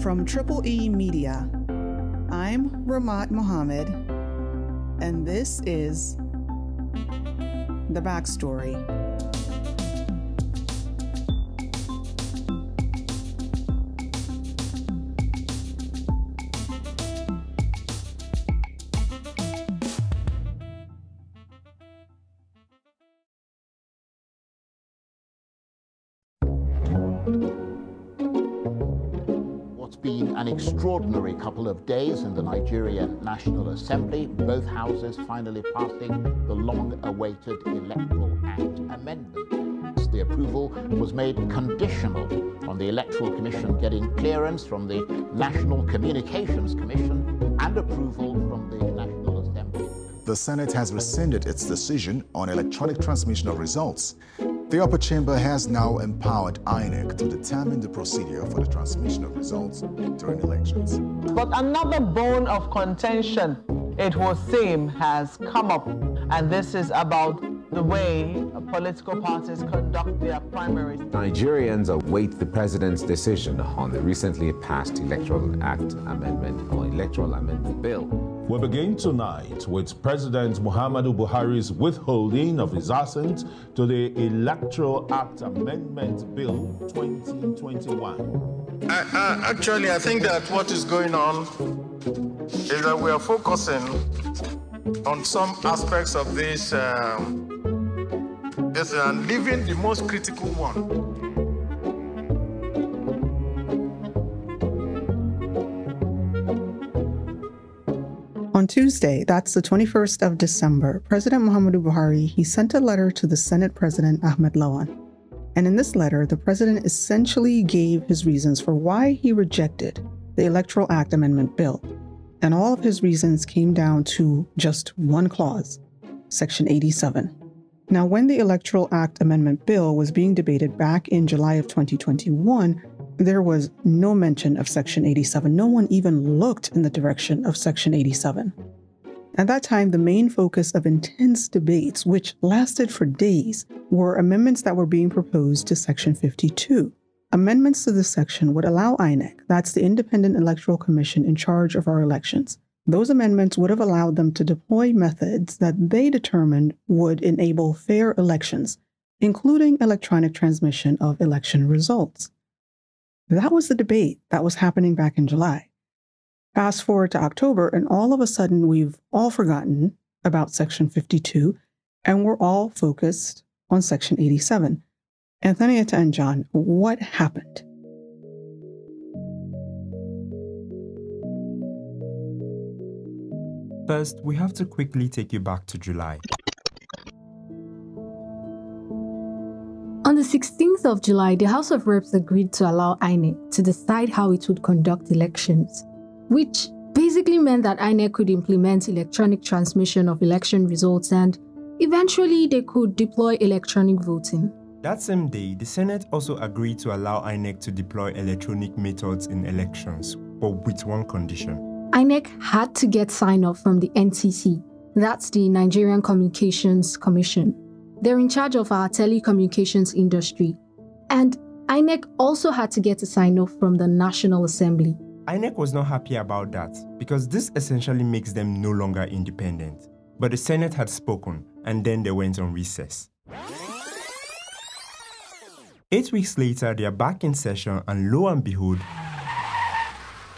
From Triple E Media, I'm Ramat Mohammed, and this is The Backstory. An extraordinary couple of days in the Nigerian National Assembly, both houses finally passing the long awaited Electoral Act amendment. The approval was made conditional on the Electoral Commission getting clearance from the National Communications Commission and approval from the National Assembly. The Senate has rescinded its decision on electronic transmission of results the upper chamber has now empowered INEC to determine the procedure for the transmission of results during elections. But another bone of contention, it would seem, has come up, and this is about the way political parties conduct their primaries. Nigerians await the president's decision on the recently passed Electoral Act Amendment or Electoral Amendment Bill. We begin tonight with President Muhammadu Buhari's withholding of his assent to the Electoral Act Amendment Bill 2021. I, I, actually, I think that what is going on is that we are focusing on some aspects of this, um, this and uh, leaving the most critical one On Tuesday, that's the 21st of December, President Muhammadu Buhari, he sent a letter to the Senate President Ahmed Lawan. And in this letter, the president essentially gave his reasons for why he rejected the Electoral Act Amendment bill. And all of his reasons came down to just one clause, Section 87. Now, when the Electoral Act Amendment bill was being debated back in July of 2021, there was no mention of Section 87. No one even looked in the direction of Section 87. At that time, the main focus of intense debates, which lasted for days, were amendments that were being proposed to Section 52. Amendments to this section would allow INEC, that's the Independent Electoral Commission in charge of our elections, those amendments would have allowed them to deploy methods that they determined would enable fair elections, including electronic transmission of election results. That was the debate that was happening back in July. Fast forward to October, and all of a sudden, we've all forgotten about Section 52, and we're all focused on Section 87. Antonietta and John, what happened? First, we have to quickly take you back to July. 16th of July, the House of Reps agreed to allow INEC to decide how it would conduct elections, which basically meant that INEC could implement electronic transmission of election results and eventually they could deploy electronic voting. That same day, the Senate also agreed to allow INEC to deploy electronic methods in elections, but with one condition. INEC had to get sign off from the NCC, that's the Nigerian Communications Commission. They're in charge of our telecommunications industry. And INEC also had to get a sign off from the National Assembly. INEC was not happy about that because this essentially makes them no longer independent. But the Senate had spoken and then they went on recess. Eight weeks later, they are back in session, and lo and behold,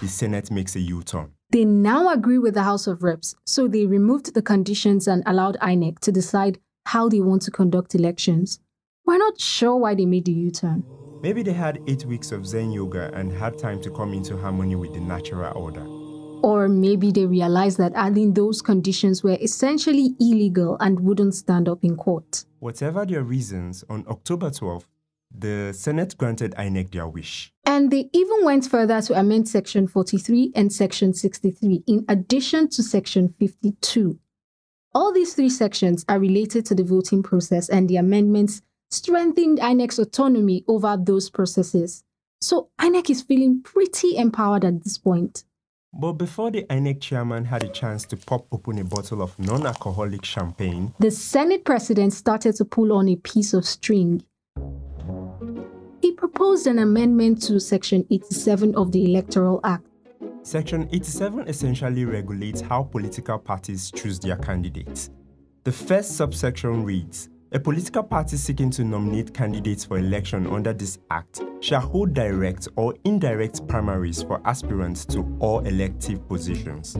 the Senate makes a U turn. They now agree with the House of Reps, so they removed the conditions and allowed INEC to decide how they want to conduct elections. We're not sure why they made the U turn. Maybe they had eight weeks of Zen yoga and had time to come into harmony with the natural order. Or maybe they realized that adding those conditions were essentially illegal and wouldn't stand up in court. Whatever their reasons, on October 12th, the Senate granted INEC their wish. And they even went further to amend Section 43 and Section 63, in addition to Section 52. All these three sections are related to the voting process, and the amendments strengthened INEC's autonomy over those processes. So INEC is feeling pretty empowered at this point. But before the INEC chairman had a chance to pop open a bottle of non alcoholic champagne, the Senate president started to pull on a piece of string. He proposed an amendment to Section 87 of the Electoral Act Section 87 essentially regulates how political parties choose their candidates. The first subsection reads, a political party seeking to nominate candidates for election under this Act shall hold direct or indirect primaries for aspirants to all elective positions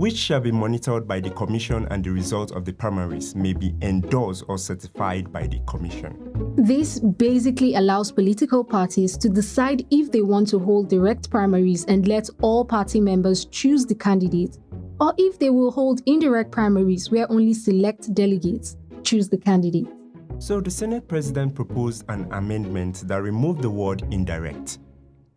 which shall be monitored by the Commission and the results of the primaries may be endorsed or certified by the Commission. This basically allows political parties to decide if they want to hold direct primaries and let all party members choose the candidate, or if they will hold indirect primaries where only select delegates choose the candidate. So the Senate President proposed an amendment that removed the word indirect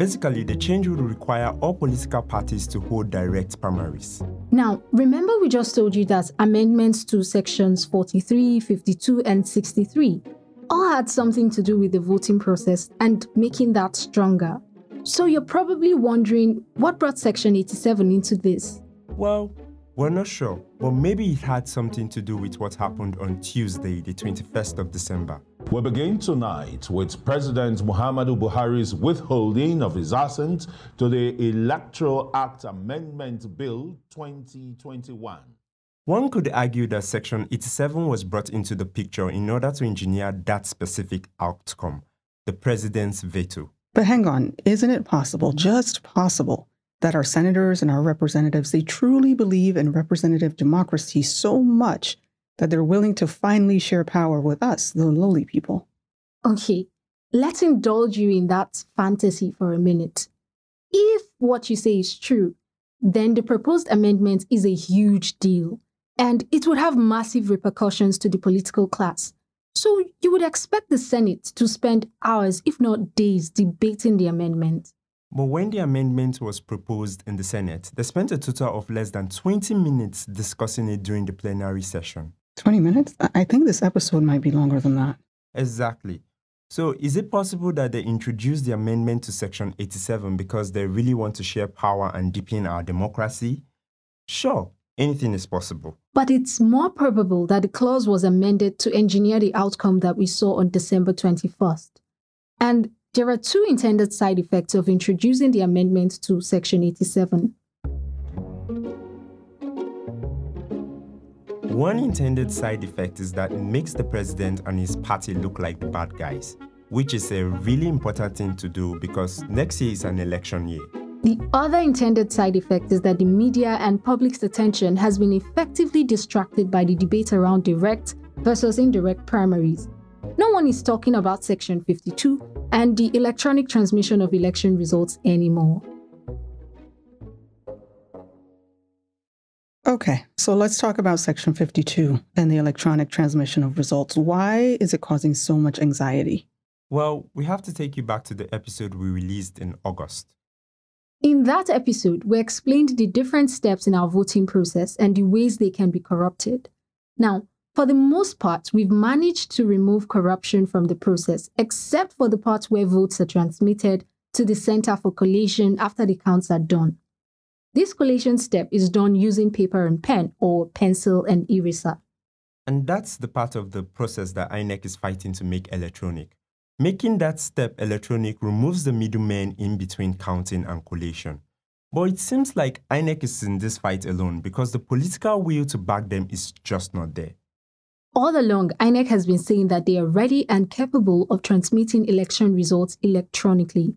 Basically, the change would require all political parties to hold direct primaries. Now, remember we just told you that amendments to sections 43, 52, and 63 all had something to do with the voting process and making that stronger. So you're probably wondering what brought Section 87 into this? Well, we're not sure, but maybe it had something to do with what happened on Tuesday, the 21st of December. We begin tonight with President Muhammadu Buhari's withholding of his assent to the Electoral Act Amendment Bill 2021. One could argue that Section 87 was brought into the picture in order to engineer that specific outcome, the president's veto. But hang on, isn't it possible, just possible, that our senators and our representatives, they truly believe in representative democracy so much that they're willing to finally share power with us, the lowly people. Okay, let's indulge you in that fantasy for a minute. If what you say is true, then the proposed amendment is a huge deal and it would have massive repercussions to the political class. So you would expect the Senate to spend hours, if not days, debating the amendment. But when the amendment was proposed in the Senate, they spent a total of less than 20 minutes discussing it during the plenary session. 20 minutes? I think this episode might be longer than that. Exactly. So, is it possible that they introduced the amendment to Section 87 because they really want to share power and deepen our democracy? Sure, anything is possible. But it's more probable that the clause was amended to engineer the outcome that we saw on December 21st. And there are two intended side effects of introducing the amendment to Section 87. One intended side effect is that it makes the president and his party look like the bad guys, which is a really important thing to do because next year is an election year. The other intended side effect is that the media and public's attention has been effectively distracted by the debate around direct versus indirect primaries. No one is talking about Section 52 and the electronic transmission of election results anymore. Okay, so let's talk about Section 52 and the electronic transmission of results. Why is it causing so much anxiety? Well, we have to take you back to the episode we released in August. In that episode, we explained the different steps in our voting process and the ways they can be corrupted. Now, for the most part, we've managed to remove corruption from the process, except for the part where votes are transmitted to the Center for Collation after the counts are done. This collation step is done using paper and pen or pencil and eraser. And that's the part of the process that INEC is fighting to make electronic. Making that step electronic removes the middleman in between counting and collation. But it seems like INEC is in this fight alone because the political will to back them is just not there. All along, INEC has been saying that they are ready and capable of transmitting election results electronically.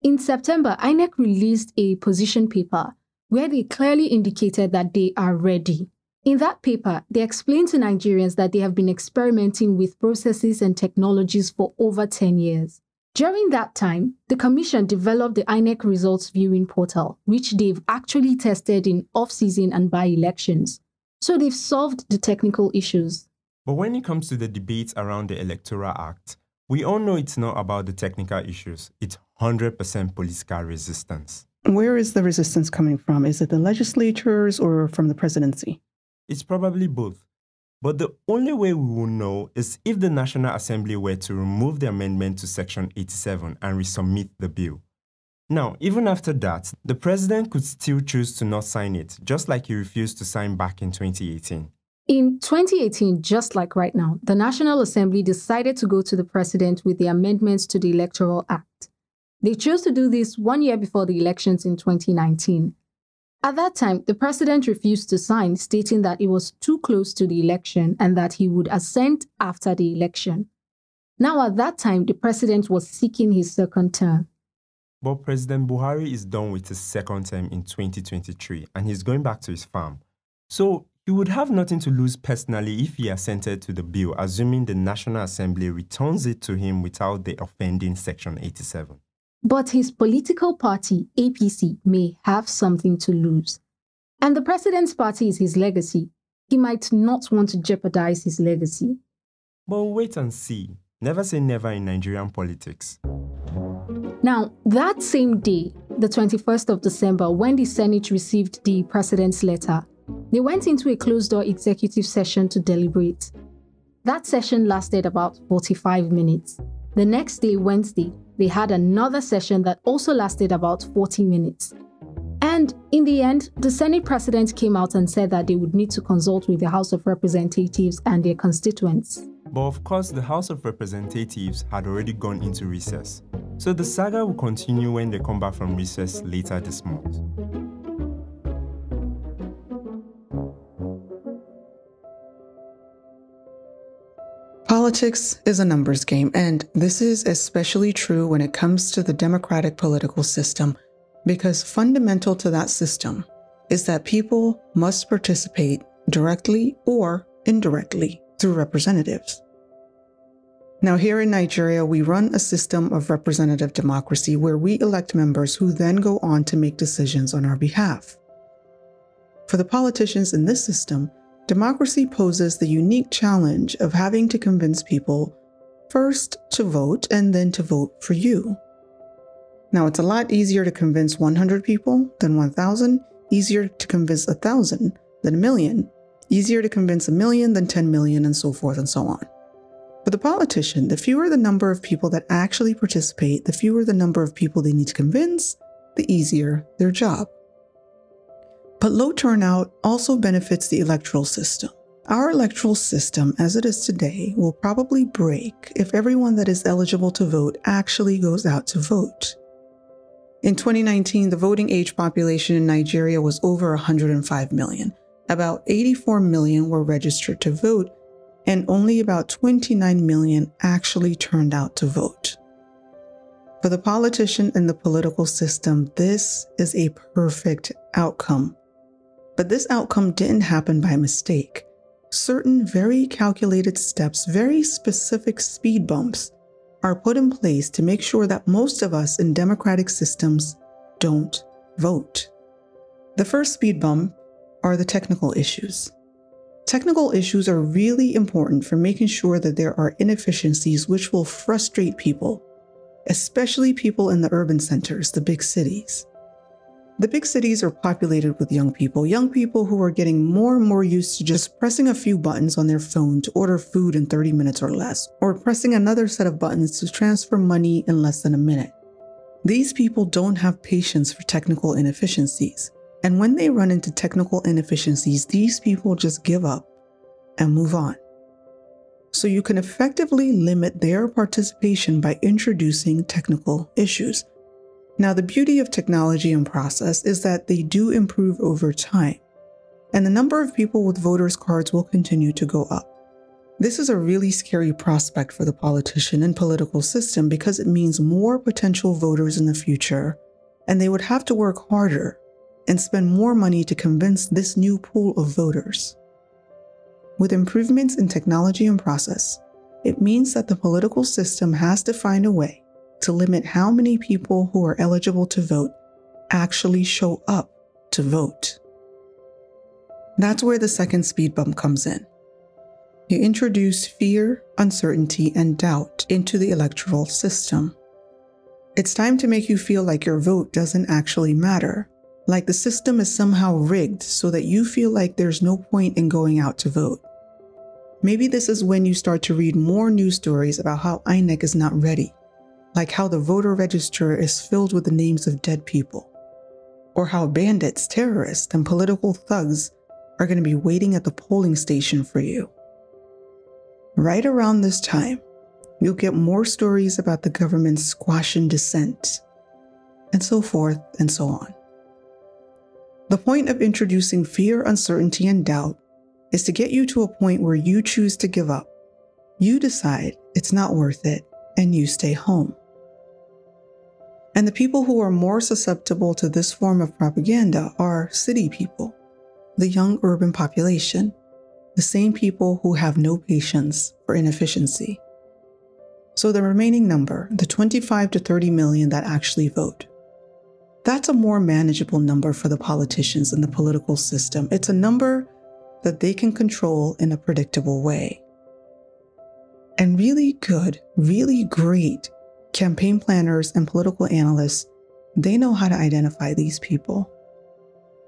In September, INEC released a position paper where they clearly indicated that they are ready. In that paper, they explained to Nigerians that they have been experimenting with processes and technologies for over 10 years. During that time, the Commission developed the INEC results viewing portal, which they've actually tested in off season and by elections. So they've solved the technical issues. But when it comes to the debates around the Electoral Act, we all know it's not about the technical issues, it's 100% police car resistance. Where is the resistance coming from? Is it the legislatures or from the presidency? It's probably both. But the only way we will know is if the National Assembly were to remove the amendment to Section 87 and resubmit the bill. Now, even after that, the president could still choose to not sign it, just like he refused to sign back in 2018. In 2018, just like right now, the National Assembly decided to go to the president with the amendments to the Electoral Act. They chose to do this one year before the elections in 2019. At that time, the president refused to sign, stating that it was too close to the election and that he would assent after the election. Now, at that time, the president was seeking his second term. But President Buhari is done with his second term in 2023 and he's going back to his farm. So he would have nothing to lose personally if he assented to the bill, assuming the National Assembly returns it to him without the offending Section 87. But his political party, APC, may have something to lose. And the president's party is his legacy. He might not want to jeopardize his legacy. But wait and see. Never say never in Nigerian politics. Now, that same day, the 21st of December, when the Senate received the president's letter, they went into a closed door executive session to deliberate. That session lasted about 45 minutes. The next day, Wednesday, they had another session that also lasted about 40 minutes. And in the end, the Senate president came out and said that they would need to consult with the House of Representatives and their constituents. But of course, the House of Representatives had already gone into recess. So the saga will continue when they come back from recess later this month. Politics is a numbers game, and this is especially true when it comes to the democratic political system, because fundamental to that system is that people must participate directly or indirectly through representatives. Now, here in Nigeria, we run a system of representative democracy where we elect members who then go on to make decisions on our behalf. For the politicians in this system, democracy poses the unique challenge of having to convince people first to vote and then to vote for you. Now, it's a lot easier to convince 100 people than 1,000, easier to convince 1,000 than a million, easier to convince a million than 10 million, and so forth and so on. For the politician, the fewer the number of people that actually participate, the fewer the number of people they need to convince, the easier their job. But low turnout also benefits the electoral system. Our electoral system, as it is today, will probably break if everyone that is eligible to vote actually goes out to vote. In 2019, the voting age population in Nigeria was over 105 million. About 84 million were registered to vote, and only about 29 million actually turned out to vote. For the politician and the political system, this is a perfect outcome but this outcome didn't happen by mistake. Certain very calculated steps, very specific speed bumps, are put in place to make sure that most of us in democratic systems don't vote. The first speed bump are the technical issues. Technical issues are really important for making sure that there are inefficiencies which will frustrate people, especially people in the urban centers, the big cities. The big cities are populated with young people, young people who are getting more and more used to just pressing a few buttons on their phone to order food in 30 minutes or less, or pressing another set of buttons to transfer money in less than a minute. These people don't have patience for technical inefficiencies. And when they run into technical inefficiencies, these people just give up and move on. So you can effectively limit their participation by introducing technical issues. Now, the beauty of technology and process is that they do improve over time, and the number of people with voters' cards will continue to go up. This is a really scary prospect for the politician and political system because it means more potential voters in the future, and they would have to work harder and spend more money to convince this new pool of voters. With improvements in technology and process, it means that the political system has to find a way to limit how many people who are eligible to vote actually show up to vote. That's where the second speed bump comes in. You introduce fear, uncertainty, and doubt into the electoral system. It's time to make you feel like your vote doesn't actually matter, like the system is somehow rigged so that you feel like there's no point in going out to vote. Maybe this is when you start to read more news stories about how INEC is not ready like how the voter register is filled with the names of dead people, or how bandits, terrorists, and political thugs are going to be waiting at the polling station for you. Right around this time, you'll get more stories about the government's squashing dissent, and so forth and so on. The point of introducing fear, uncertainty, and doubt is to get you to a point where you choose to give up. You decide it's not worth it and you stay home. And the people who are more susceptible to this form of propaganda are city people, the young urban population, the same people who have no patience for inefficiency. So the remaining number, the 25 to 30 million that actually vote, that's a more manageable number for the politicians and the political system. It's a number that they can control in a predictable way and really good, really great campaign planners and political analysts, they know how to identify these people.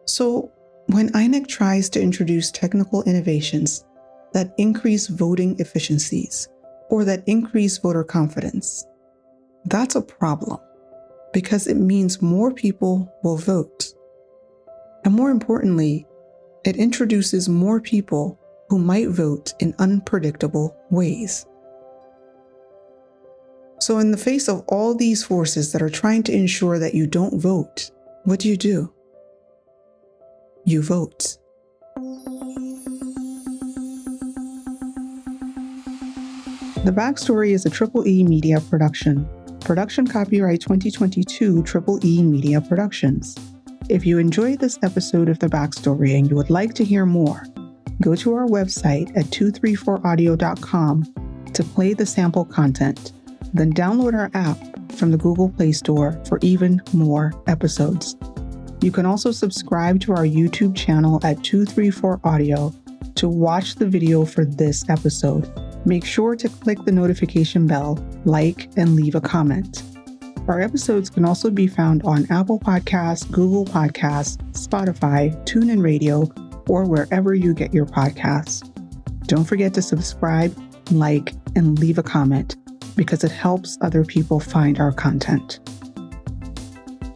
So when INEC tries to introduce technical innovations that increase voting efficiencies or that increase voter confidence, that's a problem because it means more people will vote. And more importantly, it introduces more people who might vote in unpredictable ways. So, in the face of all these forces that are trying to ensure that you don't vote, what do you do? You vote. The Backstory is a Triple E Media production. Production copyright 2022 Triple E Media Productions. If you enjoyed this episode of The Backstory and you would like to hear more, go to our website at 234audio.com to play the sample content then download our app from the Google Play Store for even more episodes. You can also subscribe to our YouTube channel at 234 Audio to watch the video for this episode. Make sure to click the notification bell, like, and leave a comment. Our episodes can also be found on Apple Podcasts, Google Podcasts, Spotify, TuneIn Radio, or wherever you get your podcasts. Don't forget to subscribe, like, and leave a comment because it helps other people find our content.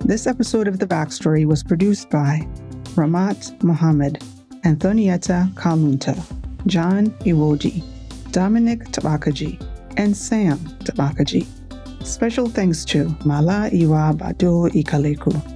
This episode of The Backstory was produced by Ramat Mohammed, Antonietta Kalunta, John Iwoji, Dominic Tabakaji, and Sam Tabakaji. Special thanks to Mala Iwa Badu Ikaleku